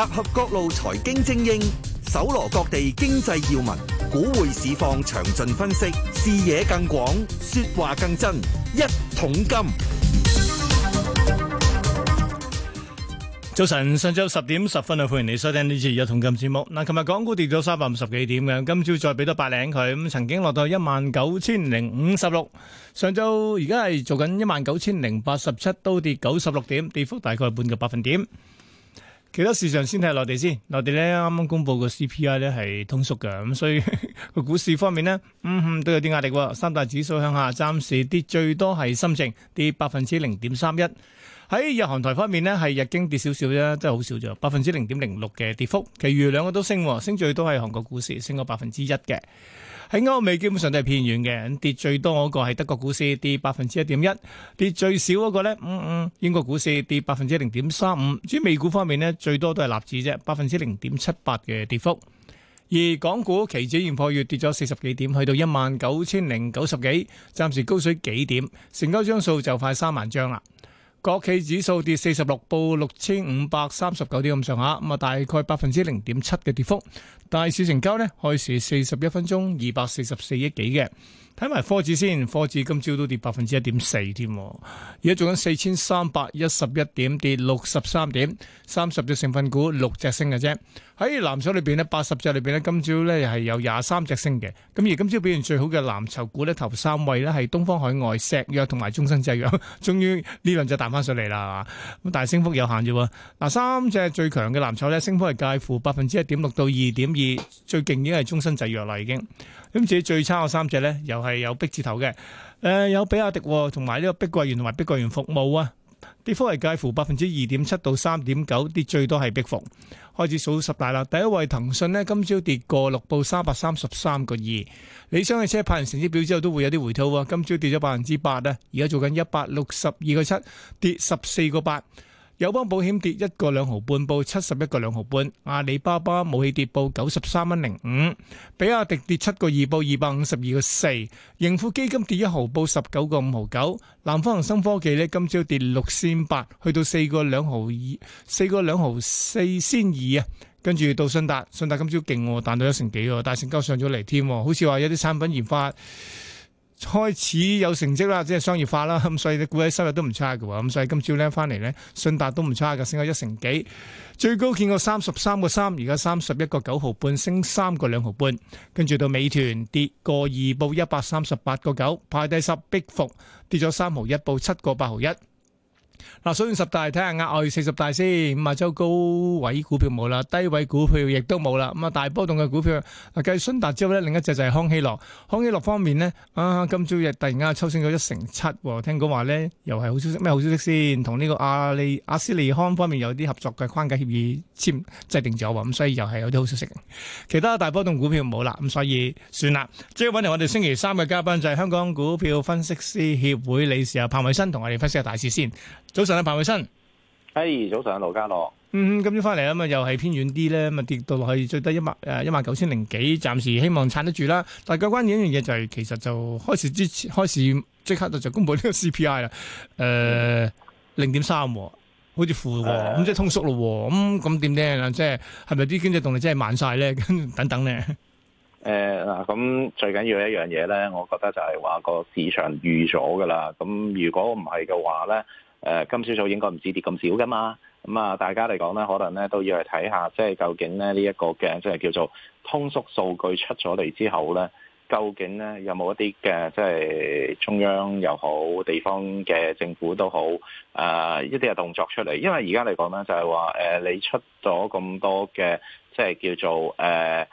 集合各路財經精英，搜羅各地經濟要聞，股匯市況詳盡分析，視野更廣，說話更真。一桶金，早晨，上晝十點十分啊！歡迎你收聽呢次一桶金節目。嗱，琴日港股跌咗三百五十幾點嘅，今朝再俾多百零佢，咁曾經落到一萬九千零五十六，上晝而家係做緊一萬九千零八十七，都跌九十六點，跌幅大概半個百分點。其他市場先睇內地先，內地呢，啱啱公布個 CPI 呢係通縮嘅，咁所以個 股市方面呢，嗯哼、嗯、都有啲壓力喎。三大指數向下，暫時跌最多係深證跌百分之零點三一，喺日韓台方面呢，係日經跌少少啫，真係好少啫，百分之零點零六嘅跌幅，其餘兩個都升，升最多係韓國股市升過百分之一嘅。的喺歐美基本上都係偏軟嘅，跌最多嗰個係德國股市跌百分之一點一，跌最少嗰個咧，五、嗯、五、嗯、英國股市跌百分之零點三五。至於美股方面呢，最多都係納指啫，百分之零點七八嘅跌幅。而港股期指現貨月跌咗四十幾點，去到一萬九千零九十幾，暫時高水幾點，成交張數就快三萬張啦。國企指數跌四十六，報六千五百三十九點咁上下，咁啊大概百分之零點七嘅跌幅。大市成交呢，開市四十一分鐘二百四十四億幾嘅。睇埋科指先，科指今朝都跌百分之一點四添，而家做緊四千三百一十一點，跌六十三點，三十隻成分股六隻升嘅啫。喺藍籌裏邊呢，八十隻裏邊呢，今朝呢係有廿三隻升嘅。咁而今朝表現最好嘅藍籌股呢，頭三位呢係東方海外、石藥同埋中生製藥，終於呢輪就彈翻上嚟啦。咁但係升幅有限啫。嗱，三隻最強嘅藍籌呢，升幅係介乎百分之一點六到二點二，最勁已經係中生製藥啦，已經。咁至於最差嘅三隻呢，又係有碧字頭嘅，誒、呃、有比亞迪，同埋呢個碧桂園同埋碧桂園服務啊，跌幅係介乎百分之二點七到三點九，跌最多係碧服。開始數十大啦，第一位騰訊呢，今朝跌過六，報三百三十三個二，理想嘅車派完成績表之後都會有啲回吐喎，今朝跌咗百分之八啊，而家做緊一百六十二個七，跌十四個八。友邦保險跌一個兩毫半，報七十一個兩毫半。阿里巴巴武器跌報九十三蚊零五，比亞迪跌七個二，報二百五十二個四。盈富基金跌一毫，報十九個五毫九。南方恒生科技呢，今朝跌六先八，去到四個兩毫二，四個兩毫四先二啊。跟住到信達，信達今朝勁，彈到一成幾，大成交上咗嚟添，好似話有啲產品研發，開始有成績啦，即係商業化啦，咁所以啲股息收入都唔差㗎喎，咁所以今朝咧翻嚟咧，信達都唔差㗎。升咗一成幾，最高見過三十三個三，而家三十一個九毫半，升三個兩毫半，跟住到美團跌個二，報一百三十八個九，排第十，逼伏，跌咗三毫一，報七個八毫一。嗱，所以十大睇下額外四十大先，五啊周高位股票冇啦，低位股票亦都冇啦，咁啊大波動嘅股票嗱，繼順達之後呢，另一隻就係康希諾。康希諾方面呢，啊今朝日突然間抽升咗一成七，聽講話呢，又係好消息，咩好消息先？同呢個阿阿斯利康方面有啲合作嘅框架協議簽制定咗，咁所以又係有啲好消息。其他大波動股票冇啦，咁所以算啦。即係揾嚟我哋星期三嘅嘉賓就係、是、香港股票分析師協會理事阿彭偉新，同我哋分析下大市先。早晨啊，彭偉新。誒、hey,，早晨啊，盧家樂。嗯，今朝翻嚟啊嘛，又係偏遠啲咧，咁啊跌到去最低一萬誒一萬九千零幾，暫時希望撐得住啦。但係個關鍵一樣嘢就係、是，其實就開始之前開始即刻就就公布呢個 CPI 啦。誒、呃，零點三，好似負喎，咁即係通縮咯。咁咁點咧？即係係咪啲經濟動力真係慢晒咧？ 等等咧。誒、呃、嗱，咁最緊要一樣嘢咧，我覺得就係話個市場預咗噶啦。咁如果唔係嘅話咧。誒、呃、今朝早應該唔止跌咁少噶嘛，咁、嗯、啊大家嚟講咧，可能咧都要嚟睇下，即係究竟咧呢一、這個嘅即係叫做通縮數據出咗嚟之後咧，究竟咧有冇一啲嘅即係中央又好，地方嘅政府都好，啊、呃、一啲嘅動作出嚟，因為而家嚟講咧就係話誒你出咗咁多嘅即係叫做誒。呃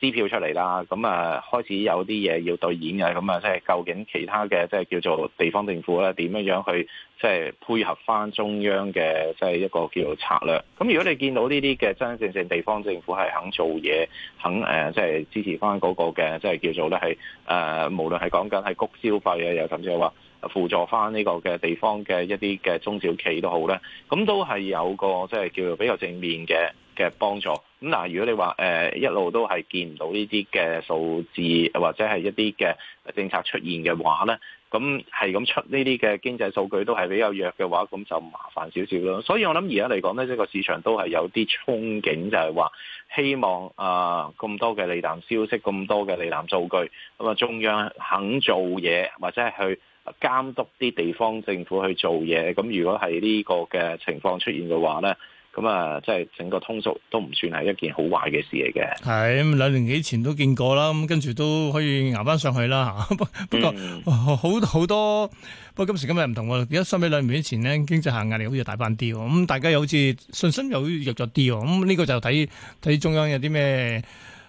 支票出嚟啦，咁啊開始有啲嘢要兌現嘅，咁啊即係究竟其他嘅即係叫做地方政府咧點樣樣去即係、就是、配合翻中央嘅即係一個叫做策略。咁如果你見到呢啲嘅真真正正地方政府係肯做嘢，肯即係、呃就是、支持翻嗰個嘅即係叫做咧係誒無論係講緊係谷消費啊，又甚至係話輔助翻呢個嘅地方嘅一啲嘅中小企好都好咧，咁都係有個即係、就是、叫做比較正面嘅。嘅幫助咁嗱，如果你話誒、呃、一路都係見唔到呢啲嘅數字，或者係一啲嘅政策出現嘅話呢，咁係咁出呢啲嘅經濟數據都係比較弱嘅話，咁就麻煩少少咯。所以我諗而家嚟講呢即係、就是、個市場都係有啲憧憬，就係、是、話希望啊咁多嘅利淡消息，咁多嘅利淡數據，咁啊中央肯做嘢，或者係去監督啲地方政府去做嘢。咁如果係呢個嘅情況出現嘅話呢。咁啊，即係整個通縮都唔算係一件好壞嘅事嚟嘅。係兩年幾前都見過啦，咁跟住都可以捱翻上去啦嚇。 不過、嗯、好好，好多，不過今時今日唔同喎。而家相比兩年幾前呢，經濟下行壓力好似大翻啲喎。咁大家又好似信心又弱咗啲喎。咁、呢、呢個就睇睇中央有啲咩？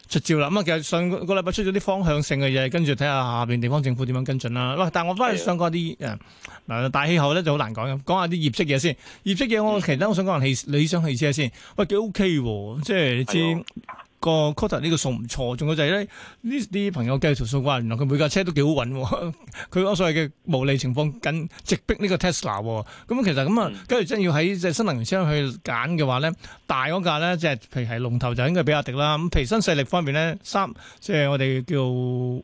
出招啦！咁啊，其實上個禮拜出咗啲方向性嘅嘢，跟住睇下下邊地方政府點樣跟進啦。喂，但係我翻去想講啲誒嗱大氣候咧就好難講嘅。講下啲業績嘢先，業績嘢我其實我想講下氣理想汽車先。喂、哎，幾 OK 喎？即係你知。哎個 quota 呢個數唔錯，仲有就係咧，呢啲朋友計條數話，原來佢每架車都幾好運，佢 嗰所謂嘅無理情況跟直逼呢個 Tesla。咁其實咁啊，假如真要喺即係新能源車上去揀嘅話咧，大嗰架咧即係係龍頭就應該比阿迪啦。咁譬如新勢力方面咧，三即係我哋叫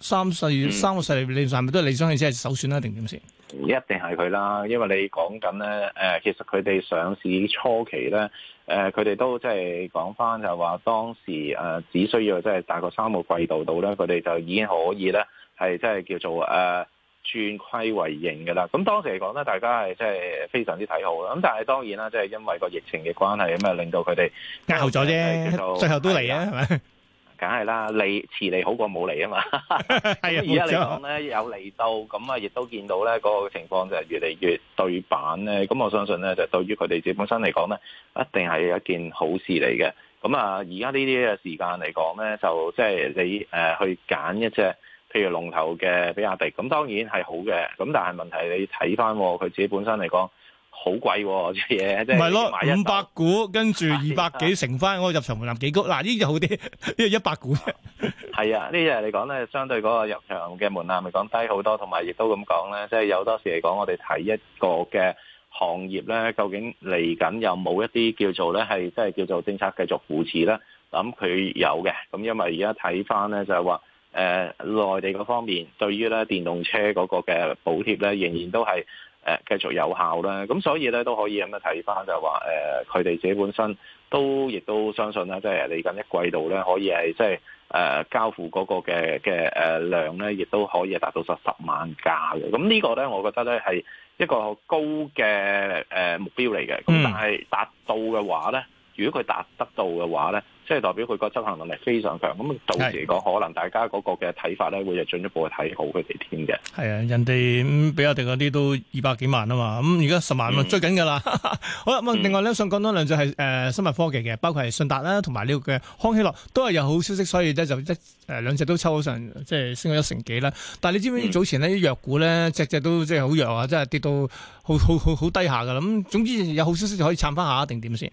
三勢三個勢力，嗯、是是你係咪都係理想汽車首選啦、啊？定點先？唔一定係佢啦，因為你講緊咧，誒，其實佢哋上市初期咧，誒，佢哋都即係講返就係話當時只需要即係大概三個季度度咧，佢哋就已經可以咧，係即係叫做誒、啊、轉虧為盈嘅啦。咁當時嚟講咧，大家係即係非常之睇好啦。咁但係當然啦，即係因為個疫情嘅關係咁啊，令到佢哋押後咗啫，最後都嚟啊，係咪？梗係啦，你遲嚟好過冇嚟啊嘛！咁而家嚟講咧，有嚟到，咁啊亦都見到咧嗰個情況就係越嚟越對版咧。咁我相信咧，就對於佢哋自己本身嚟講咧，一定係有一件好事嚟嘅。咁啊，而家呢啲嘅時間嚟講咧，就即係、就是、你誒、呃、去揀一隻，譬如龍頭嘅比亞迪，咁當然係好嘅。咁但係問題係你睇翻佢自己本身嚟講。好貴喎！啲嘢即係買，唔係，五百股，跟住二百幾乘翻，我入場門檻幾高？嗱呢啲好啲，呢隻一百股。係啊，呢啲嘢嚟講咧，相對嗰個入場嘅門檻咪講低好多，同埋亦都咁講咧，即係有多時嚟講，我哋睇一個嘅行業咧，究竟嚟緊有冇一啲叫做咧係即係叫做政策繼續扶持咧？咁、嗯、佢有嘅，咁因為而家睇翻咧就係話誒內地嗰方面對於咧電動車嗰個嘅補貼咧，仍然都係。誒繼續有效啦，咁所以咧都可以咁樣睇翻，就係話誒佢哋自己本身都亦都相信咧，即係嚟緊一季度咧可以係即係誒、呃、交付嗰個嘅嘅誒量咧，亦都可以達到十萬架嘅。咁呢個咧，我覺得咧係一個好高嘅誒、呃、目標嚟嘅。咁但係達到嘅話咧、嗯，如果佢達得到嘅話咧。即係代表佢個執行能力非常強，咁到時嚟講可能大家嗰個嘅睇法咧，會係進一步去睇好佢哋添嘅。係啊，人哋、嗯、比我哋嗰啲都二百幾萬啊嘛，咁而家十萬咪追緊㗎啦。嗯、 好啦，咁、嗯、另外咧想講多兩隻係誒生物科技嘅，包括係信達啦，同埋呢個嘅康希諾都係有好消息，所以咧就一誒、呃、兩隻都抽咗上，即係升咗一成幾啦。但係你知唔知早前呢啲、嗯、藥股咧只只都即係好弱啊，即係跌到好好好好低下㗎啦。咁總之有好消息就可以撐翻下定點先。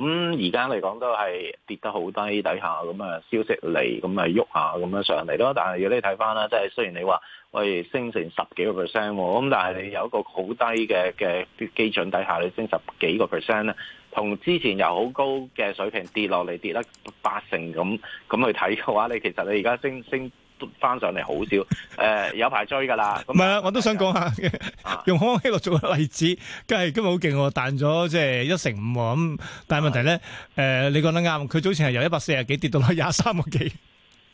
咁而家嚟講都係跌得好低底下，咁啊消息嚟，咁咪喐下，咁樣上嚟咯。但係如果你睇翻啦，即係雖然你話喂升成十幾個 percent，咁但係你有一個好低嘅嘅基準底下，你升十幾個 percent 咧，同之前由好高嘅水平跌落嚟，跌得八成咁咁去睇嘅話，你其實你而家升升。翻上嚟好少，誒、呃、 有排追㗎啦。唔係啊，我都想講下，用康希諾做例子，梗係今日好勁喎，彈咗即係一成五喎。咁、就是、但係問題咧，誒、啊呃、你講得啱，佢早前係由一百四十幾跌到去廿三個幾。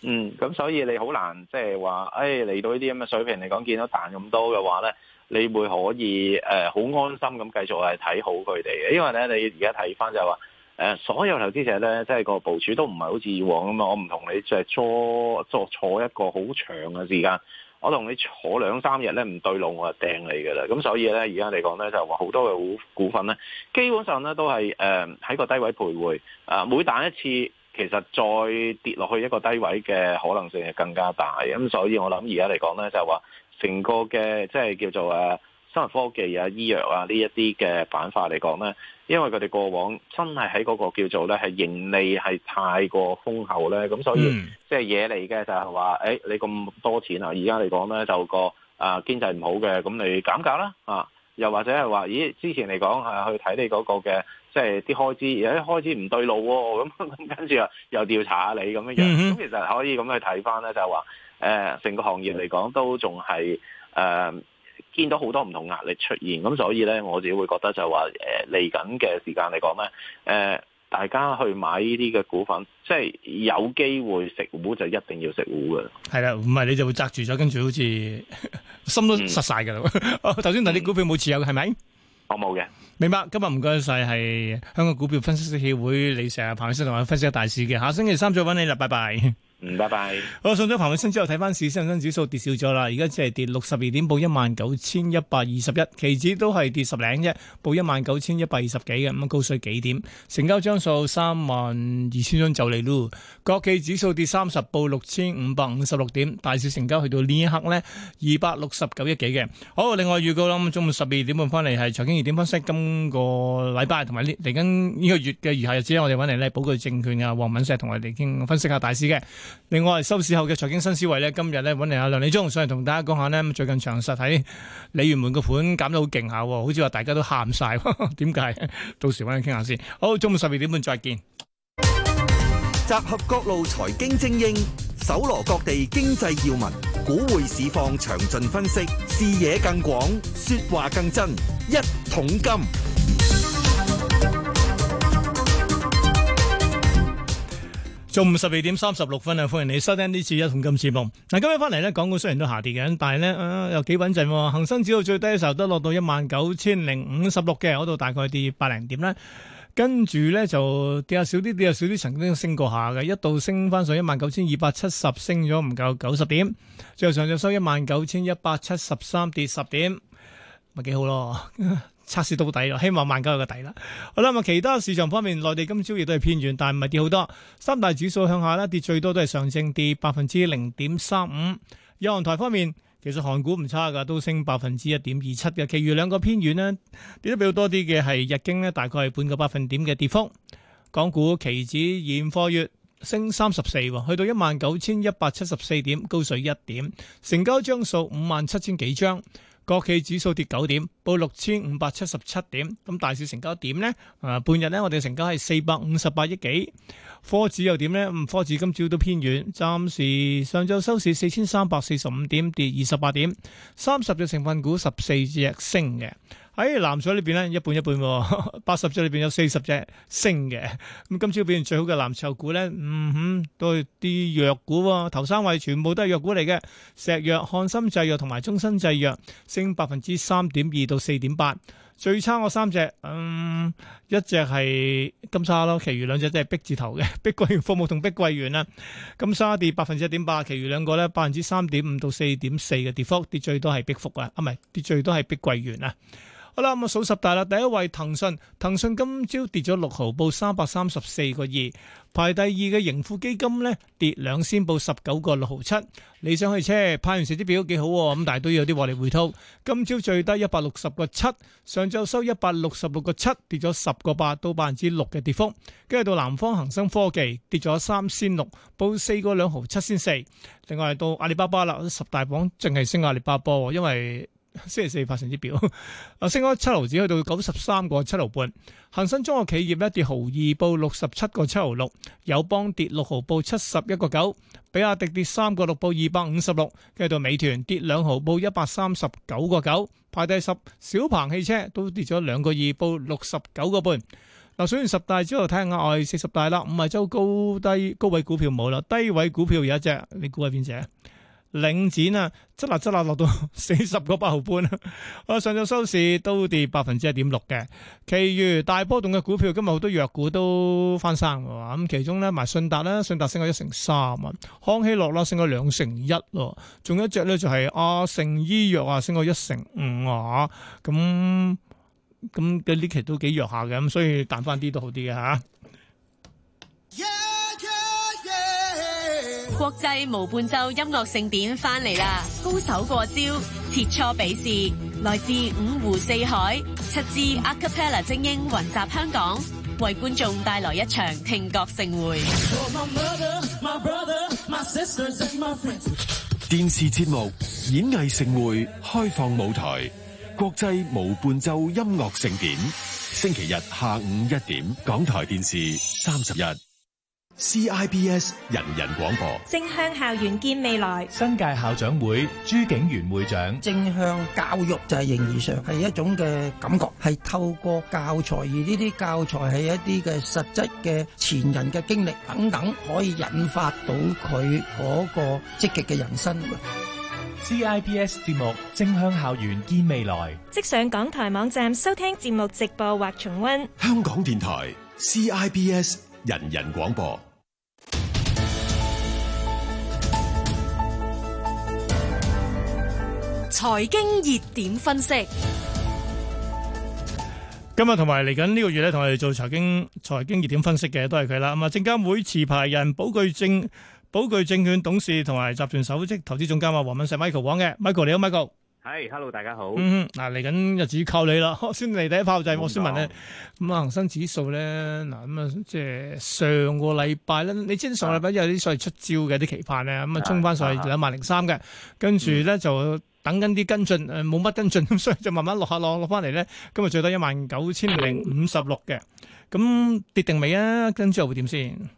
嗯，咁所以你好難即係話，誒、就、嚟、是哎、到呢啲咁嘅水平嚟講，見到彈咁多嘅話咧，你會可以誒好、呃、安心咁繼續係睇好佢哋嘅，因為咧你而家睇翻就話、是。誒所有投資者咧，即、就、係、是、個部署都唔係好似以往咁嘛！我唔同你就坐，坐坐坐一個好長嘅時間，我同你坐兩三日咧唔對路，我就掟你噶啦。咁所以咧，而家嚟講咧，就話好多嘅股股份咧，基本上咧都係誒喺個低位徘徊啊、呃！每彈一次，其實再跌落去一個低位嘅可能性係更加大。咁所以我諗而家嚟講咧，就話成個嘅即係叫做誒、啊。生物科技啊、醫藥啊這些的辦法來呢一啲嘅板塊嚟講咧，因為佢哋過往真係喺嗰個叫做咧係盈利係太過豐厚咧，咁所以即係嘢嚟嘅就係、是、話，誒、欸、你咁多錢啊！而家嚟講咧就個啊經濟唔好嘅，咁你減價啦啊！又或者係話，咦之前嚟講係去睇你嗰個嘅即係啲開支，而、欸、家開支唔對路喎、啊，咁、嗯、咁跟住又，又調查下你咁樣樣。咁、嗯、其實可以咁去睇翻咧，就係話誒，成、呃、個行業嚟講都仲係誒。呃見到好多唔同壓力出現，咁所以咧，我自己會覺得就話，誒嚟緊嘅時間嚟講咧，誒、呃、大家去買呢啲嘅股份，即係有機會食糊就一定要食糊嘅，係啦，唔係你就會窒住咗，跟住好似心都實晒噶啦。頭先嗱，啲、哦、股票冇持有嘅係咪？我冇嘅，明白。今日唔該晒，係香港股票分析師協會你成日彭先生同我分析大市嘅，下星期三再搵你，拜拜。嗯，拜拜。好，送咗彭偉新之後，睇翻市，恒生指數跌少咗啦，而家只係跌六十二點，報一萬九千一百二十一。期指都係跌十零啫，報一萬九千一百二十幾嘅，咁高水幾點？成交張數三萬二千張就嚟咯。國企指數跌三十，報六千五百五十六點。大市成交去到呢一刻呢，二百六十九億幾嘅。好，另外預告啦，咁中午十二點半翻嚟係財經熱點分析，今個禮拜同埋嚟緊呢個月嘅餘下日子我哋揾嚟呢寶钜證券嘅黃敏碩同我哋傾分析下大市嘅。另外，收市後嘅財經新思維咧，今日咧揾嚟阿梁李忠上嚟同大家講下呢，最近長實喺鯉魚門個盤減得好勁下，好似話大家都喊晒，點解？到時揾你傾下先。好，中午十二點半再見。集合各路財經精英，搜羅各地經濟要聞，股匯市況詳盡分析，視野更廣，說話更真，一桶金。中午十二點三十六分啊，歡迎你收聽呢次一桶金節目。嗱，今日翻嚟咧，港股雖然都下跌緊，但係咧，啊，又幾穩陣。恒生指數最低嘅時候，都落到一萬九千零五十六嘅嗰度，大概跌百零點啦。跟住咧就跌下少啲，跌下少啲，曾經升過下嘅，一度升翻上一萬九千二百七十，升咗唔夠九十點。最後上晝收一萬九千一百七十三，跌十點，咪幾好咯。測試到底希望萬九有個底啦。好啦，咁啊，其他市場方面，內地今朝亦都係偏軟，但係唔係跌好多。三大指數向下跌最多都係上證跌百分之零點三五。有行台方面其實韓股唔差噶，都升百分之一點二七嘅。其餘兩個偏軟，跌得比較多啲嘅係日經，大概係半個百分點嘅跌幅。港股期指現貨月升三十四，去到一萬九千一百七十四點，高水一點，成交張數五萬七千幾張。國企指數跌九點，報六千五百七十七點。咁大市成交點咧？啊、呃，半日咧，我哋成交係四百五十八億幾。科指又點咧、嗯？科指今朝都偏軟，暫時上晝收市四千三百四十五點，跌二十八點。三十隻成分股隻，十四隻升嘅。喺藍籌呢邊咧，一半一半喎，八十隻裏邊有四十隻升嘅。咁今朝表現最好嘅藍籌股咧，嗯哼，都係啲藥股喎。頭三位全部都係藥股嚟嘅，石藥、漢森製藥同埋中生製藥升百分之三點二到四點八。最差嗰三隻，嗯，一隻係金沙咯，其餘兩隻都係碧字頭嘅，碧桂園服務同碧桂園啊。金沙跌百分之一點八，其餘兩個咧百分之三點五到四點四嘅跌幅，跌最多係碧服啊，啊唔係跌最多係碧桂園啊。好啦，咁數十大啦，第一位騰訊，騰訊今朝跌咗六毫，報三百三十四個二。排第二嘅盈富基金咧，跌兩仙，報十九個六毫七。理想汽車派完息啲表都幾好喎，咁但係都有啲獲利回吐。今朝最低一百六十個七，上晝收一百六十六個七，跌咗十個八，到百分之六嘅跌幅。跟住到南方恒生科技跌咗三仙六，報四個兩毫七仙四。另外到阿里巴巴啦，十大榜淨係升阿里巴巴，因為。星期四發成績表，啊升開七毫子去到九十三個七毫半，恒生中國企業一跌毫二報六十七個七毫六，友邦跌六毫報七十一個九，比亞迪跌三個六報二百五十六，跟住到美團跌兩毫報一百三十九個九，排第十小鵬汽車都跌咗兩個二報六十九個半。嗱，水完十大之後睇下外四十大啦，五日周高低高位股票冇啦，低位股票有一隻，你估係邊隻？領展啊，執笠執笠落到四十個八毫半啊！我上晝收市都跌百分之一點六嘅。其餘大波動嘅股票今日好多藥股都翻生嘅，咁其中咧，埋信達啦，信達升咗一成三，就是、啊，康希諾啦，升咗兩成一咯。仲有一隻咧就係阿盛醫藥啊，升咗一成五啊，咁咁嘅呢期都幾弱下嘅，咁所以彈翻啲都好啲嘅吓。國際無伴奏音樂盛典翻嚟啦！高手過招，切磋比試，來自五湖四海、七支 acapella 精英雲集香港，為觀眾帶來一場聽覺盛會。電視節目演藝盛會開放舞台，國際無伴奏音樂盛典，星期日下午一點，港台電視三十一。CIBS 人人廣播，正向校園見未來。新界校長會朱景元會長，正向教育就係形而上係一種嘅感覺，係透過教材，而呢啲教材係一啲嘅實質嘅前人嘅經歷等等，可以引發到佢嗰個積極嘅人生。CIBS 節目《正向校園見未來》，即上港台網站收聽節目直播或重温。香港電台 CIBS 人人廣播。財經熱點分析，今日同埋嚟緊呢個月咧，同我哋做財經財經熱點分析嘅都係佢啦。咁啊，證監會持牌人寶具證寶具證券董事同埋集團首席投資總監啊，黃敏石 Michael 黃嘅，Michael 你好，Michael，係，Hello，大家好。嗯，嗱嚟緊日子靠你啦，先嚟第一炮就係我先問你，咁啊恒生指數咧，嗱咁啊即係上個禮拜咧，你知上個禮拜有啲所謂出招嘅啲期盼咧，咁啊衝翻上去兩萬零三嘅，跟住咧就。等緊啲跟進，呃，冇乜跟進，咁所以就慢慢落下落落翻嚟咧，今日最多一萬九千零五十六嘅，咁跌定未啊？跟住又會點先？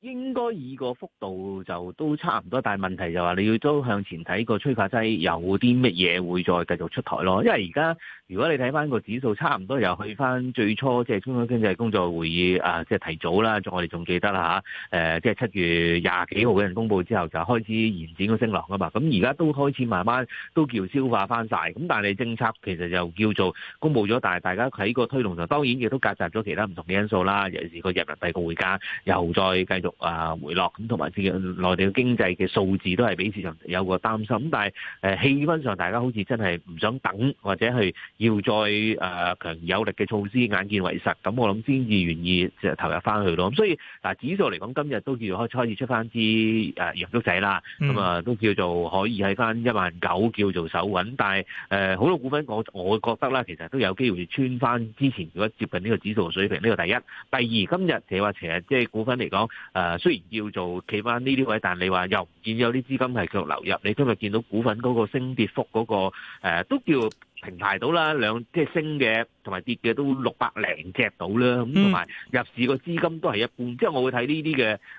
應該以個幅度就都差唔多，但係問題就話你要都向前睇個催化劑有啲乜嘢會再繼續出台咯。因為而家如果你睇翻個指數，差唔多又去翻最初即係、就是、中央經濟工作會議啊，即、就、係、是、提早啦，我哋仲記得啦吓。誒、啊，即係七月廿幾號畀人公布之後，就開始延展個升浪啊嘛。咁而家都開始慢慢都叫消化翻晒。咁但係政策其實又叫做公布咗，但係大家喺個推動上，當然亦都夾雜咗其他唔同嘅因素啦。尤其是個人民幣個匯價又再繼續。啊，回落咁，同埋啲內地嘅經濟嘅數字都係俾市場有個擔心。咁但係誒氣氛上，大家好似真係唔想等，或者係要再誒強有力嘅措施，眼見為實。咁我諗先至願意誒投入翻去咯。咁所以嗱，指數嚟講，今日都叫做開開始出翻支誒陽燭仔啦。咁、嗯、啊都叫做可以喺翻一萬九叫做手穩。但係好多股份，我我覺得啦，其實都有機會穿翻之前如果接近呢個指數水平。呢、呢個第一，第二今日你話其實即係股份嚟講，誒雖然叫做企翻呢啲位，但你話又唔見有啲資金係繼續流入。你今日見到股份嗰個升跌幅嗰個，誒，都叫平台到啦，兩即係升嘅。同埋跌嘅都六百零隻到啦，咁同埋入市個資金都係一半，即係我會睇呢啲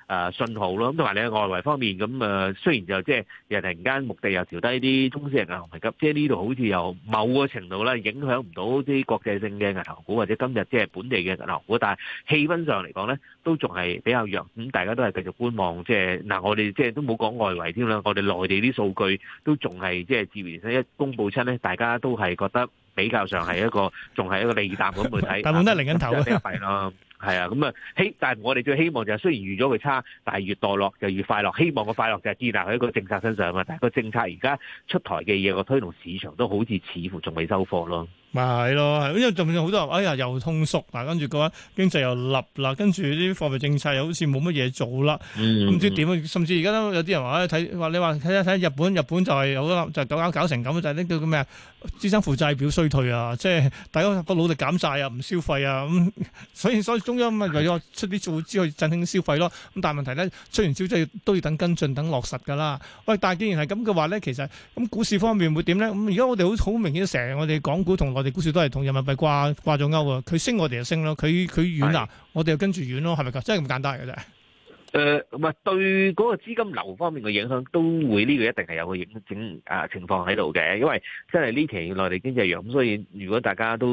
嘅誒信號咯。咁同埋你喺外圍方面，咁誒雖然就即係又突然間目的地又調低啲中資銀行同埋金，即係呢度好似有某個程度咧影響唔到啲國際性嘅銀行股或者今日即係本地嘅銀行股，但係氣氛上嚟講咧都仲係比較弱。咁大家都係繼續觀望，即係嗱，我哋即係都冇講外圍添啦，我哋內地啲數據都仲係即係自餘一公布出咧，大家都係覺得。比較上係一個仲係一個利淡咁樣睇，大部分都係零跟頭咯，係啊，咁 啊希。但係我哋最希望就係雖然預咗佢差，但係越墮落就越快樂。希望個快樂就係建立喺一個政策身上啊嘛。但係個政策而家出台嘅嘢，個推動市場都好似似乎仲未收貨咯。咪係咯，因為甚至好多人哎呀又通縮嗱，跟住個經濟又立啦，跟住啲貨幣政策又好似冇乜嘢做啦，唔、嗯、知點甚至而家都有啲人話：，睇、哎、話你話睇下睇下日本，日本就係有得立，搞搞搞成咁，就係啲叫叫咩啊？資產負債表衰退啊，即、就、係、是、大家個努力減債啊，唔消費啊，咁、嗯、所以所以中央咪為咗出啲造紙去振興消費咯。咁但係問題咧，出完紙都都要等跟進、等落實㗎啦。喂，但係既然係咁嘅話咧，其實咁股市方面會點咧？咁而家我哋好好明顯，成日我哋港股同。我哋股市都係同人民幣掛掛咗鈎啊！佢升我哋就升咯，佢佢軟啊，我哋就跟住軟咯，係咪噶？真係咁簡單嘅啫。誒、呃、唔係，對嗰個資金流方面嘅影響都會呢個、嗯、一定係有個影整啊情況喺度嘅，因為真係呢期內地經濟弱，所以如果大家都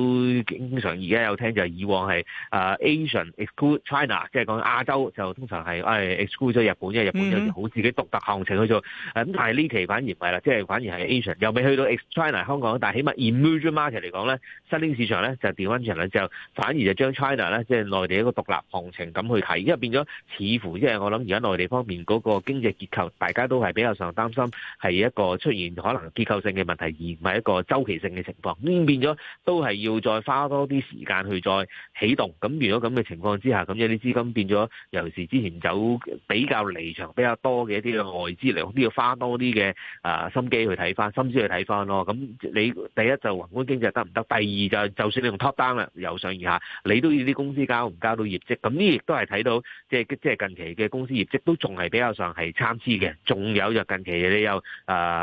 經常而家有聽就係以往係啊、呃、Asian exclude China，即係講亞洲就通常係誒、哎、exclude 咗日本，因為日本有啲好自己獨特行情去做。咁、嗯、但係呢期反而唔係啦，即係反而係 Asian 又未去到 ex China 香港，但係起碼 emerging market 嚟講咧，新興市場咧就調返轉之後反而就將 China 咧即係內地一個獨立行情咁去睇，因為變咗似乎。即係我諗，而家內地方面嗰個經濟結構，大家都係比較上擔心係一個出現可能結構性嘅問題，而唔係一個周期性嘅情況。咁變咗都係要再花多啲時間去再啟動。咁如果咁嘅情況之下，咁有啲資金變咗尤其是之前走比較離場比較多嘅一啲嘅外資嚟，都要花多啲嘅啊心機去睇翻，心思去睇翻咯。咁你第一就宏觀經濟得唔得？第二就就算你用 top down 啦，由上而下，你都要啲公司交唔交到業績？咁呢亦都係睇到，即係即係近期。嘅公司業績都仲係比較上係參差嘅，仲有就近期你又誒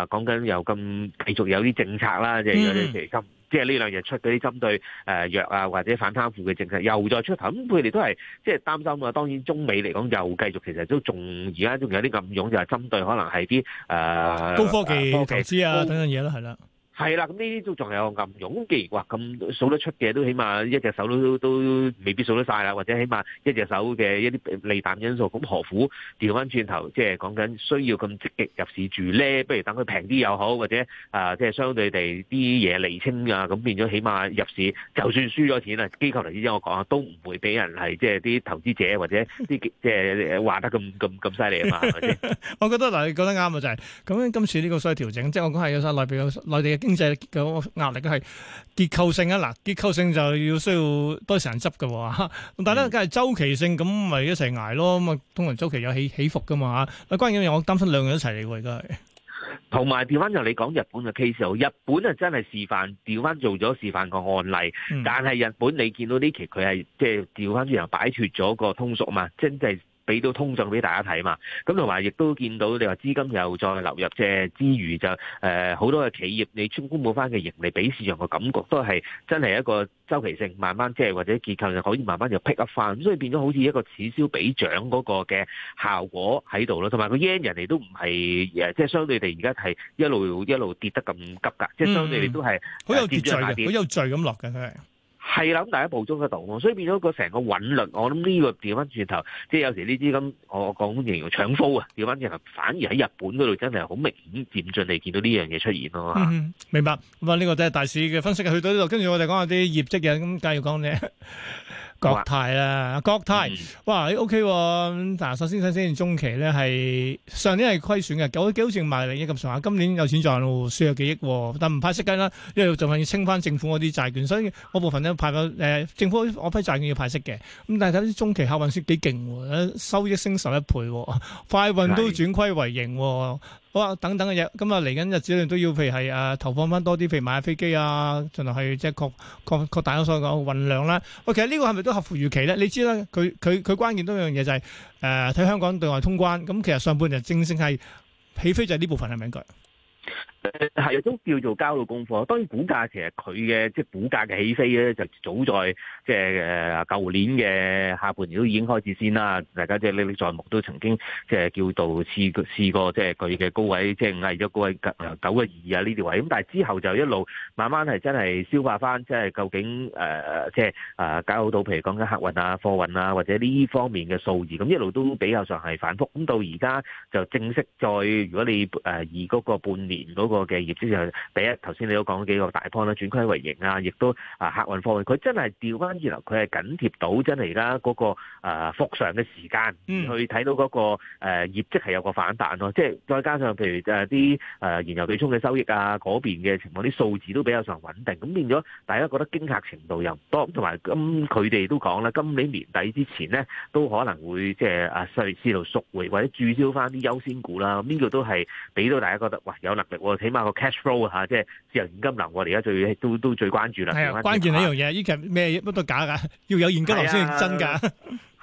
講緊又咁繼續有啲政策啦，即係你其實今即係呢兩日出嗰啲針對誒藥啊或者反貪腐嘅政策又再出頭，咁佢哋都係即係擔心啊。當然中美嚟講又繼續其實都仲而家仲有啲暗湧，就係針對可能係啲誒高科技投資啊等等嘢咯，係啦。係、嗯、啦，咁呢啲都仲係有暗湧，咁既然話咁數得出嘅，都起碼一隻手都都未必數得晒啦，或者起碼一隻手嘅一啲利淡因素，咁何苦調翻轉頭，即係講緊需要咁積極入市住咧？不如等佢平啲又好，或者啊、呃，即係相對地啲嘢厘清啊，咁變咗起碼入市就算輸咗錢啦。機構嚟資我講啊，都唔會俾人係即係啲投資者或者啲即係話得咁咁咁犀利啊嘛。 我覺得嗱，你講得啱啊，就係咁今次呢個所謂調整，即係我講係有晒內地嘅內地嘅經經濟嘅壓力係結構性啊，嗱結構性就要需要多啲人執嘅，咁但係咧梗係周期性，咁咪一齊挨咯，咁啊通常周期有起起伏噶嘛，啊關鍵我擔心兩個人一齊嚟喎而家係，同埋調翻就你講日本嘅 case，日本啊真係示範調翻做咗示範個案例，但係日本你見到呢期佢係即係調翻之後擺脫咗個通縮嘛，真係。俾到通脹俾大家睇嘛，咁同埋亦都見到你話資金又再流入啫。之餘就，就誒好多嘅企業你出公布翻嘅盈利，俾市場嘅感覺都係真係一個周期性，慢慢即係或者結構就可以慢慢就劈一翻，所以變咗好似一個此消彼長嗰個嘅效果喺度咯，同埋個 yen 人哋都唔係誒，即係相對地而家係一路一路跌得咁急㗎，即係相對地都係好、嗯啊、有秩序，好有序咁落緊佢。係啦，咁第一步中嘅道所以變咗個成個韻律。我諗呢個調翻轉頭，即係有時呢啲咁，我講形容搶富啊，調翻轉頭，反而喺日本嗰度真係好明顯漸進地見到呢樣嘢出現咯。嗯，明白，咁啊呢個都係大市嘅分析，去到呢度，跟住我哋講下啲業績嘅。咁，繼續講啫國泰啦，國泰、嗯、哇，O K，但係首先睇先，中期咧係上年係虧損嘅，九幾好似賣，利益咁上下，今年有錢賺咯，輸咗幾億，但唔派息緊啦，因為仲係要清翻政府嗰啲債券，所以我部分咧派咗，誒政府嗰批債券要派息嘅，咁但係睇啲中期客運算幾勁，收益升十一倍，快運都轉虧為盈。好啊，等等嘅嘢，咁啊嚟緊日子咧都要，譬如係、啊、投放翻多啲，譬如買下飛機啊，儘量去即係擴擴擴，擴大咗所講嘅運量啦、啊。喂，其實呢個係咪都合乎預期咧？你知啦，佢佢佢關鍵都一樣嘢就係、誒、睇、呃、香港對外通關。咁、嗯、其實上半日正正係起飛就係呢部分係咪應係都叫做交到功課。當然股價其實佢嘅即股價嘅起飛咧，就早在即係誒舊年嘅下半年都已經開始先啦。大家即係歷歷在目，都曾經即叫做試試過，即係佢嘅高位，即係嗌咗高位九個二啊呢條位。咁但係之後就一路慢慢係真係消化翻，即係究竟誒即係啊搞到譬如講緊客運啊、貨運啊或者呢方面嘅數字，咁一路都比較上係反覆。咁到而家就正式再，如果你誒而嗰個半年個嘅業績又第一，頭先你都講咗幾個大波啦，轉虧為盈啊，亦都啊客運貨運，佢真係調返轉頭，佢係緊貼到真係而家嗰個誒復常嘅時間，去睇到嗰個誒業績係有個反彈咯。即、嗯、係再加上譬如誒啲誒燃油對沖嘅收益啊，嗰邊嘅情況啲數字都比較上穩定，咁變咗大家覺得驚嚇程度又唔多，同埋咁佢哋都講啦，今年年底之前咧都可能會即係啊，隨時都贖回或者註銷翻啲優先股啦，呢個都係俾到大家覺得哇有能力喎。起碼個 cash flow 嚇，即係自由現金流。我哋而家最都都最關注啦。係啊，關鍵係一樣嘢，依其實咩乜都假㗎，要有現金流先係真㗎。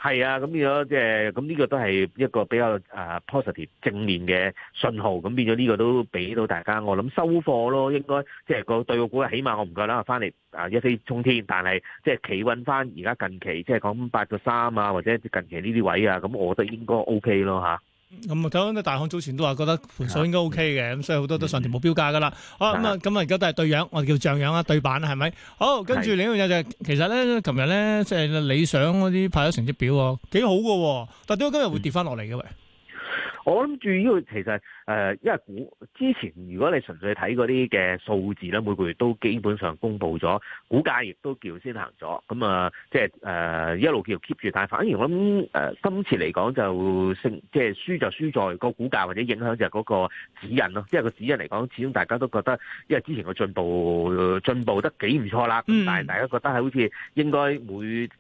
係啊，咁變咗即係咁呢個都係一個比較誒 positive 正面嘅信號。咁變咗呢個都俾到大家。我諗收貨咯，應該即係個對個股，起碼我唔夠膽翻嚟啊一飛沖天。但係即係企穩翻，而家近期即係講八個三啊，或者近期呢啲位啊，咁我覺得應該 OK 咯嚇。咁、嗯、啊，睇翻大行早前都話覺得盤數應該 O K 嘅，咁、啊、所以好多都上調目標價噶啦。好咁、嗯、啊，咁啊，而家都係對樣，我哋叫象樣啊，對版係咪？好，跟住另一樣嘢就係、是，其實咧，琴日咧即係理想嗰啲派咗成績表，幾好喎。但係點解今日會跌翻落嚟嘅？嗯我諗住呢個其實誒，因為股之前如果你純粹睇嗰啲嘅數字咧，每個月都基本上公布咗，股價亦都叫先行咗，咁、嗯、啊，即係誒一路叫 keep 住，但係反而我諗今次嚟講就升，即係輸就輸在個股價或者影響就係嗰個指引咯，因為個指引嚟講，始終大家都覺得因為之前個進步進、呃、步得幾唔錯啦，但係大家覺得係好似應該會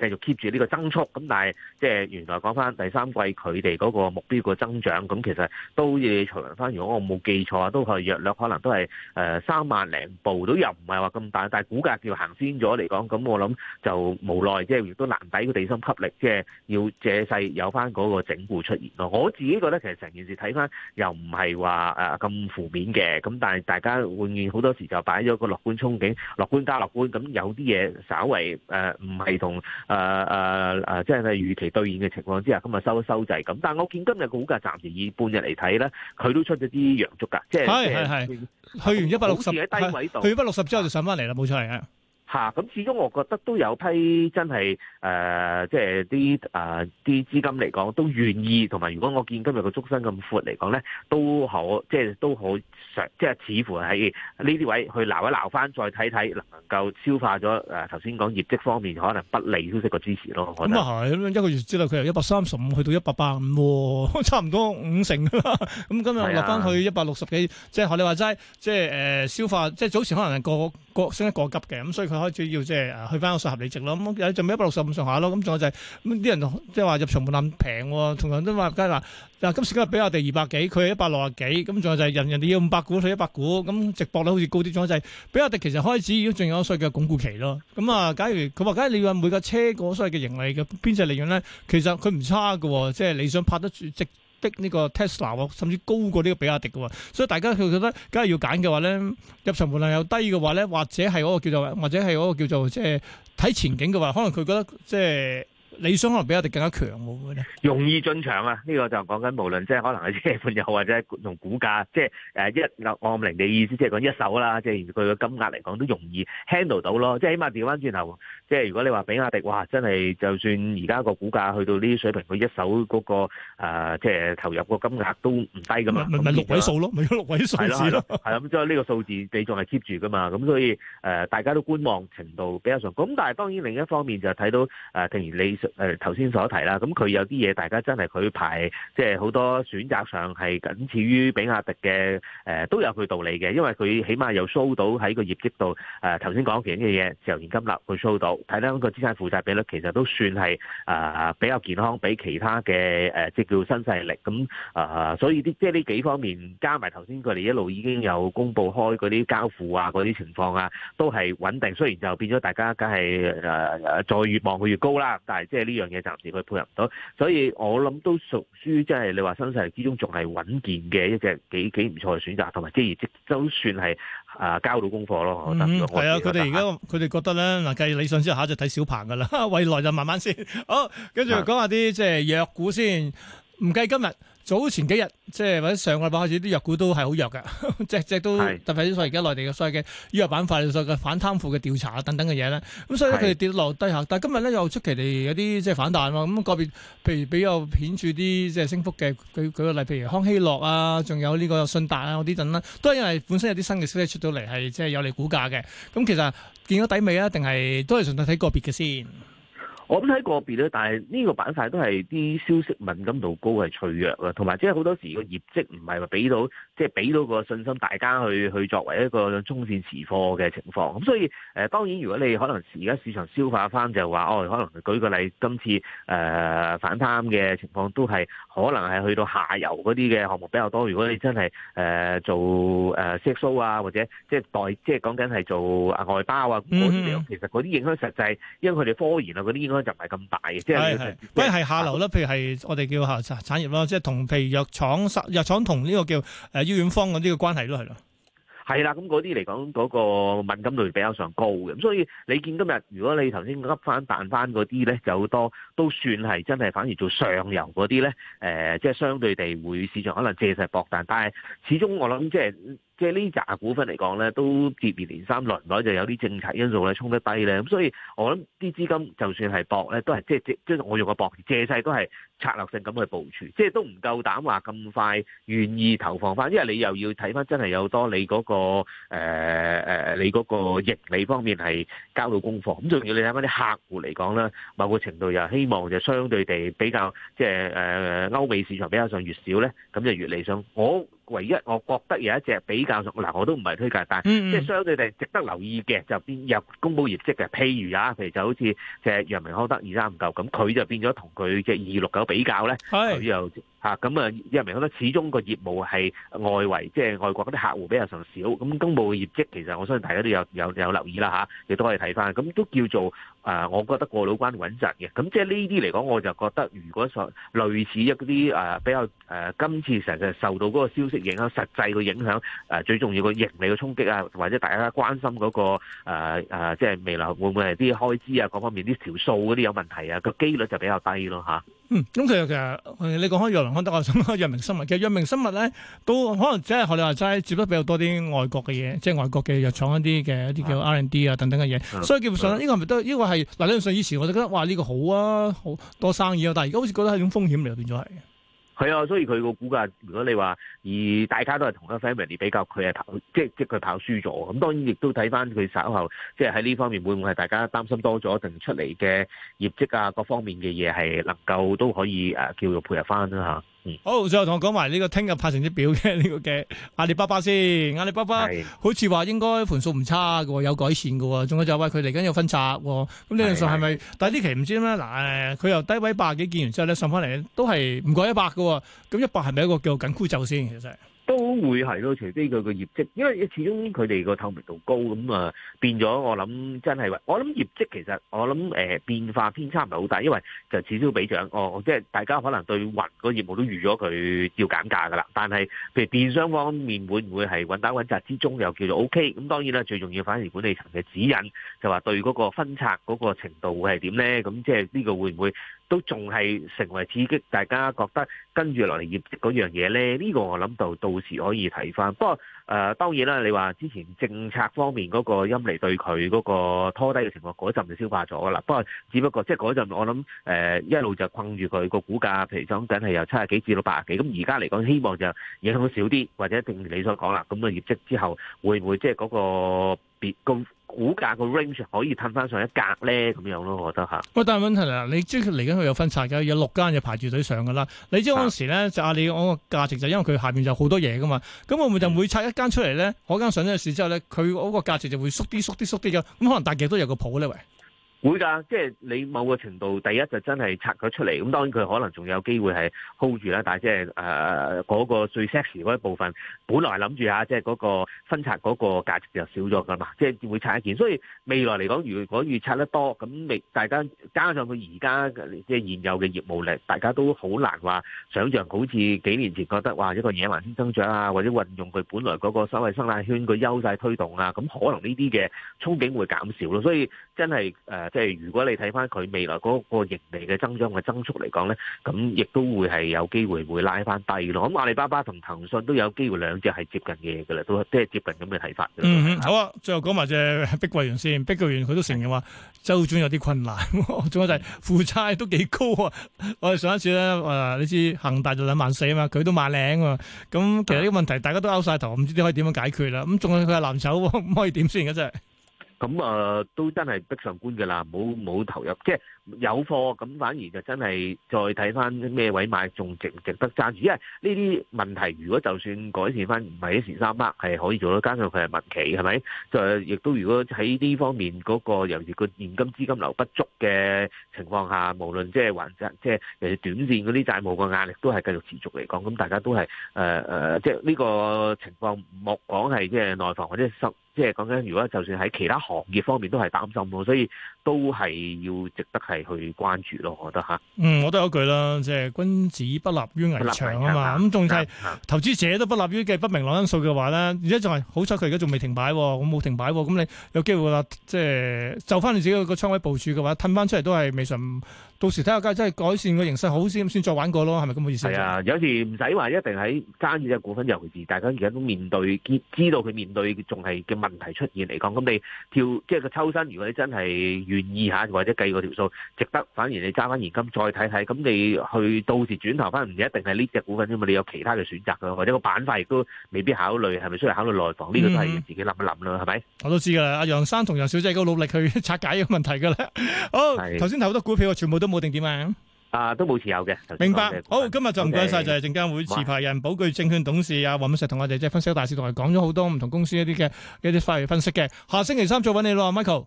繼續 keep 住呢個增速，咁但係即係原來講翻第三季佢哋嗰個目標個增長咁。咁其實都要重陽翻。如果我冇記錯啊，都係約略可能都係誒三萬零步，都又唔係話咁大。但係股價叫行先咗嚟講，咁我諗就無奈，即係亦都難抵個地心吸力，即係要借勢有翻嗰個整固出現咯。我自己覺得其實成件事睇翻又唔係話誒咁負面嘅。咁但係大家永遠好多時就擺咗個樂觀憧憬，樂觀加樂觀。咁有啲嘢稍為誒唔係同誒誒誒，即係預期兌現嘅情況之下，咁啊收一收滯咁。但係我見今日個股價暫時已半日嚟睇咧，佢都出咗啲陽燭㗎，即係係係。去完一百六十，好似喺低位度。去一百六十之後就上翻嚟啦，冇錯係啊。咁始終我覺得都有批真係誒，即係啲啊啲資金嚟講都願意，同埋如果我見今日個足身咁闊嚟講咧，都好，即係都好，即係似乎喺呢啲位去鬧一鬧翻，再睇睇能夠消化咗誒頭先講業績方面可能不利消息嘅支持咯。咁啊係，咁樣一個月之內佢由一百三十五去到一百八五，差唔多五成啦。咁、嗯、今日落翻去一百六十幾，即係學你話齋，即係誒、呃、消化，即係早前可能係過過升得過急嘅，咁、嗯、所以佢。開始要即係去翻個稅合理值咯，咁咪一百六十五上下咯，咁仲有就係、是、啲人即係話入場冇咁平，同樣都話，即係話嗱今時今日比亞迪二百幾，佢係一百六十幾，咁仲有就係人人哋要五百股，佢一百股，咁值博率好似高啲，仲就係比亞迪其實開始已經進入咗所謂嘅鞏固期咯。咁啊，假如佢話，假如你話每個車嗰所謂嘅盈利嘅邊際利潤咧，其實佢唔差嘅，即、就、係、是、你想拍得住值。的呢個 Tesla 甚至高過呢個比亞迪嘅喎，所以大家佢覺得，梗係要揀嘅話咧，入場門檻又低嘅話咧，或者係嗰個叫做，或者係嗰個叫做即係睇前景嘅話，可能佢覺得即係。理想可能比亞迪更加強喎。容易進場啊！呢、呢個就講緊無論即係可能係車盤又或者同股價，即係誒一按零，嘅意思即係講一手啦，即係佢個金額嚟講都容易 handle 到咯。即係起碼調翻轉頭，即係如果你話比亞迪，哇！真係就算而家個股價去到呢啲水平，佢一手嗰、那個、呃、即係投入個金額都唔低噶嘛。咪咪六位數咯，咪、就是、六位數咯。係、就、啦、是，咁即係呢個數字你仲係 keep 住噶嘛？咁所以誒、呃，大家都觀望程度比較重。咁但係當然另一方面就睇到誒，譬、呃、如理想。誒頭先所提啦，咁佢有啲嘢大家真係佢排，即係好多選擇上係僅次於比亞迪嘅。誒、呃，都有佢道理嘅，因為佢起碼又 show 到喺個業績度誒頭先講其嘅嘢，自由、呃、現金流去 show 到，睇翻個資產負債比率其實都算係啊、呃、比較健康，比其他嘅誒即叫新勢力咁啊、呃，所以啲即係呢幾方面加埋頭先佢哋一路已經有公布開嗰啲交付啊嗰啲情況啊，都係穩定，雖然就變咗大家梗係誒誒再越望佢越高啦，但係即即係呢樣嘢暫時佢配合唔到，所以我諗都屬於即係你話新勢力之中仲係穩健嘅一隻幾幾唔錯嘅選擇，同埋即係亦都算係啊交到功課咯。係啊，佢哋而家佢哋覺得咧嗱，計理想之下就睇小鵬噶啦，未來就慢慢先。好，跟住講下啲即係藥股先。唔計今日早前幾日，即係或者上個禮拜開始啲藥股都係好弱㗎，即只 都。係特別啲所謂而家內地嘅所謂嘅醫藥板塊所謂嘅反貪腐嘅調查等等嘅嘢呢，咁所以佢哋跌落低下。但今日咧又出奇地有啲即係反彈嘛。咁、那個別譬如比較顯著啲即係升幅嘅，舉個例譬如康希諾啊，仲有呢個信達啊嗰啲等啦，都係因為本身有啲新嘅消息出到嚟係即係有利股價嘅。咁其實見到底尾啊？定係都係純粹睇個別嘅先。我咁睇個別咧，但係呢個板塊都係啲消息敏感度高，係脆弱嘅，同埋即係好多時個業績唔係話俾到，即係俾到個信心大家去去作為一個中線持貨嘅情況。咁所以誒、呃，當然如果你可能而家市場消化翻就話，哦、哎，可能舉個例，今次誒、呃、反貪嘅情況都係可能係去到下游嗰啲嘅項目比較多。如果你真係誒、呃、做誒息數啊，或者即係代即係講緊係做外包啊，嗰、那、啲、個、其實嗰啲影響實際，因為佢哋科研啊嗰啲影響 就唔係咁大嘅，即係，喂、就是，係下流啦，譬如係我哋叫下產產業咯，即係同譬如藥廠、藥廠同呢個叫誒醫院方嗰啲嘅關係都係咯，係啦，咁嗰啲嚟講嗰、嗰個敏感度比較上高嘅，咁所以你見今日如果你頭先吸翻彈翻嗰啲咧，就好多都算係真係反而做上游嗰啲咧，誒、呃，即、就、係、是、相對地會市場可能借勢博但，但係始終我諗即係。即係呢扎股份嚟講咧，都接二連三，輪唔來就有啲政策因素咧，沖得低咧。咁所以，我諗啲資金就算係博咧，都係即係即即係我用個博借勢，都係策略性咁去部署，即係都唔夠膽話咁快願意投放翻，因為你又要睇翻真係有多你嗰個誒誒，你嗰個盈利方面係交到功課。咁仲要你睇翻啲客戶嚟講咧，某個程度又希望就相對地比較即係誒歐美市場比較上越少咧，咁就越理想我。唯一我覺得有一隻比較，嗱我都唔係推介，但係即係相對地值得留意嘅就變入公佈業績嘅，譬如啊，譬如就好似隻楊明康德二三五九咁，佢就變咗同佢隻二六九比較咧，佢又。嚇咁啊，因為我覺得始終個業務係外圍，即係外國嗰啲客戶比較上少。咁公佈嘅業績其實我相信大家都有有有留意啦吓，亦都可以睇翻，咁都叫做誒，我覺得過到關穩陣嘅。咁即係呢啲嚟講，我就覺得如果上類似一啲誒、呃、比較誒、呃，今次成日受到嗰個消息影響，實際個影響誒、呃、最重要個盈利嘅衝擊啊，或者大家關心嗰、那個誒、呃、即係未來會唔會係啲開支啊各方面啲條數嗰啲有問題啊，個機率就比較低咯吓。嗯，咁、嗯、其實其實、嗯、你講開藥明康德，我想開藥明生物。其實藥明生物咧，都可能只係學你話齋接得比較多啲外國嘅嘢，即係外國嘅藥廠一啲嘅一啲叫 R&D 啊等等嘅嘢、啊。所以基本上呢、嗯呢個係咪都呢、呢個係嗱？理論上以前我就覺得哇呢、呢個好啊，好多生意啊，但係而家好似覺得係種風險嚟，變咗係。係啊，所以佢個估價，如果你話。而大家都係同一 family 比較，佢係跑，即係即係佢跑輸咗。咁當然亦都睇翻佢稍後，即係喺呢方面會唔會係大家擔心多咗，定出嚟嘅業績啊，各方面嘅嘢係能夠都可以誒、啊、叫做配合翻啦嚇。好，最後同我講埋呢個聽日派成績表嘅呢、呢個嘅阿里巴巴先。阿里巴巴好似話應該盤數唔差嘅喎，有改善嘅喎。仲有就係佢嚟緊有分拆喎。咁呢樣嘢係咪？但係呢期唔知咩嗱誒，佢由低位百廿幾見完之後咧，上翻嚟都係唔過一百嘅喎。咁一百係咪一個叫做緊箍咒先？都會係咯，除非佢個業績，因為始終佢哋個透明度高，咁啊、呃、變咗我諗真係，我諗業績其實我諗誒、呃、變化偏差唔係好大，因為就此消彼長。我、哦、即係大家可能對雲個業務都預咗佢要減價噶啦，但係譬如電商方面會唔會係穩打穩紮之中又叫做 OK？咁當然啦，最重要反而管理層嘅指引就話對嗰個分拆嗰個程度會係點咧？咁即係呢個會唔會？都仲係成為刺激大家覺得跟住落嚟業績嗰樣嘢咧，呢、這個我諗到到時可以睇返。不過誒、呃、當然啦，你話之前政策方面嗰個陰霾對佢嗰個拖低嘅情況，嗰陣就消化咗啦。不過只不過即係嗰陣我諗誒、呃、一路就困住佢個股價，譬如講緊係由七十幾至到八十幾。咁而家嚟講，希望就影響少啲，或者正如你所講啦，咁嘅業績之後會唔會即係嗰個別高？股價個 range 可以吞翻上一格咧，咁樣咯，我覺得嚇。喂，但係問題啦，你即係嚟緊佢有分拆嘅，有六間就排住隊上噶啦。你知嗰陣時咧，啊、就阿你嗰個價值就因為佢下面就好多嘢噶嘛。咁我咪就每拆一間出嚟咧，嗰、嗯、間上咗市之後咧，佢嗰個價值就會縮啲、縮啲、縮啲㗎。咁可能大家都有個譜咧喂。會㗎，即係你某個程度，第一就真係拆咗出嚟，咁當然佢可能仲有機會係 hold 住啦，但係即係誒嗰個最 sexy 嗰一部分，本來諗住下，即係嗰個分拆嗰個價值就少咗㗎嘛，即係會拆一件。所以未來嚟講，如果預拆得多，咁未大家加上佢而家即係現有嘅業務力，大家都好難話想像，好似幾年前覺得哇一個野蠻先增長啊，或者運用佢本來嗰個所謂生態圈個優勢推動啊，咁可能呢啲嘅憧憬會減少咯。所以真係誒即係如果你睇翻佢未來嗰個盈利嘅增長嘅增速嚟講咧，咁亦都會係有機會會拉翻低咯。咁阿里巴巴同騰訊都有機會兩隻係接近嘅嘢嘅啦，都即係接近咁嘅睇法。嗯，好啊，最後講埋隻碧桂園先，碧桂園佢都承認話周轉有啲困難，仲有就係負債都幾高啊！我哋上一次咧，誒你知恒大就兩萬四啊嘛，佢都萬零啊，咁、啊、其實呢個問題大家都拗晒頭，唔知可以點樣解決啦。咁仲有佢係藍籌，唔 可以點先嘅真係。咁啊、呃，都真係逼上官㗎啦，冇、冇投入，即係有貨咁反而就真係再睇翻咩位買，仲值唔值得揸住？因為呢啲問題，如果就算改善翻，唔係一時三刻係可以做到。加上佢係民企，係咪？就亦都如果喺呢方面嗰個由於個現金資金流不足嘅情況下，無論即係還緊，即係誒短線嗰啲債務個壓力都係繼續持續嚟講，咁大家都係誒誒，即係呢個情況，莫講係即係內房或者收，即係講緊如果就算喺其他行業方面都係擔心咯，所以都係要值得係。去關注咯，我覺得吓。嗯，我都有一句啦，即係君子不立於危牆啊嘛。咁仲係投資者都不立於嘅不明朗因素嘅話咧，而家仲係好彩佢而家仲未停擺，我冇停擺。咁你有機會啦，即係就翻你自己個倉位部署嘅話，吞翻出嚟都係未順。到時睇下價真係改善個形勢好先，先再玩過咯，係咪咁嘅意思？係啊，有時唔使話一定喺爭住隻股份尤其係，大家而家都面對，知知道佢面對仲係嘅問題出現嚟講，咁你跳即係個抽身，如果你真係願意吓，或者計個條數值得，反而你揸翻現金再睇睇，咁你去到時轉頭翻唔一定係呢隻股份啫嘛，你有其他嘅選擇咯，或者個板塊亦都未必考慮，係咪需要考慮內房？呢個都係自己諗一諗啦，係咪？我都知㗎啦，阿楊生同楊小姐都努力去拆解個問題㗎啦。好，頭先投好多股票全部都。冇定點啊！啊，都冇持有嘅。明白。好，嗯、今日就唔該晒。Okay. 就係證監會持牌人、保具證券董事啊，黃敏石同我哋即係分析大市，同我哋講咗好多唔同公司一啲嘅一啲法律分析嘅。下星期三再揾你咯，Michael。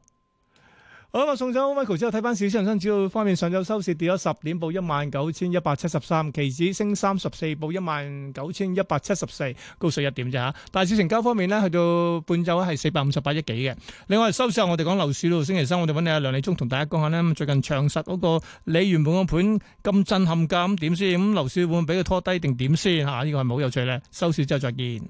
好，我送走 Michael 之後市，睇翻小資人生主要方面，上晝收市跌咗十點，報一萬九千一百七十三，期指升三十四，報一萬九千一百七十四，高水一點啫吓。大市成交方面咧，去到半晝係四百五十八億幾嘅。另外收市後我哋講樓市咯，星期三我哋揾你阿梁利忠同大家講下咧，最近長實嗰個你原本個盤咁震撼噶，咁點先？咁樓市會唔會俾佢拖低定點先？吓，呢、啊這個係好有趣咧。收市之後再見。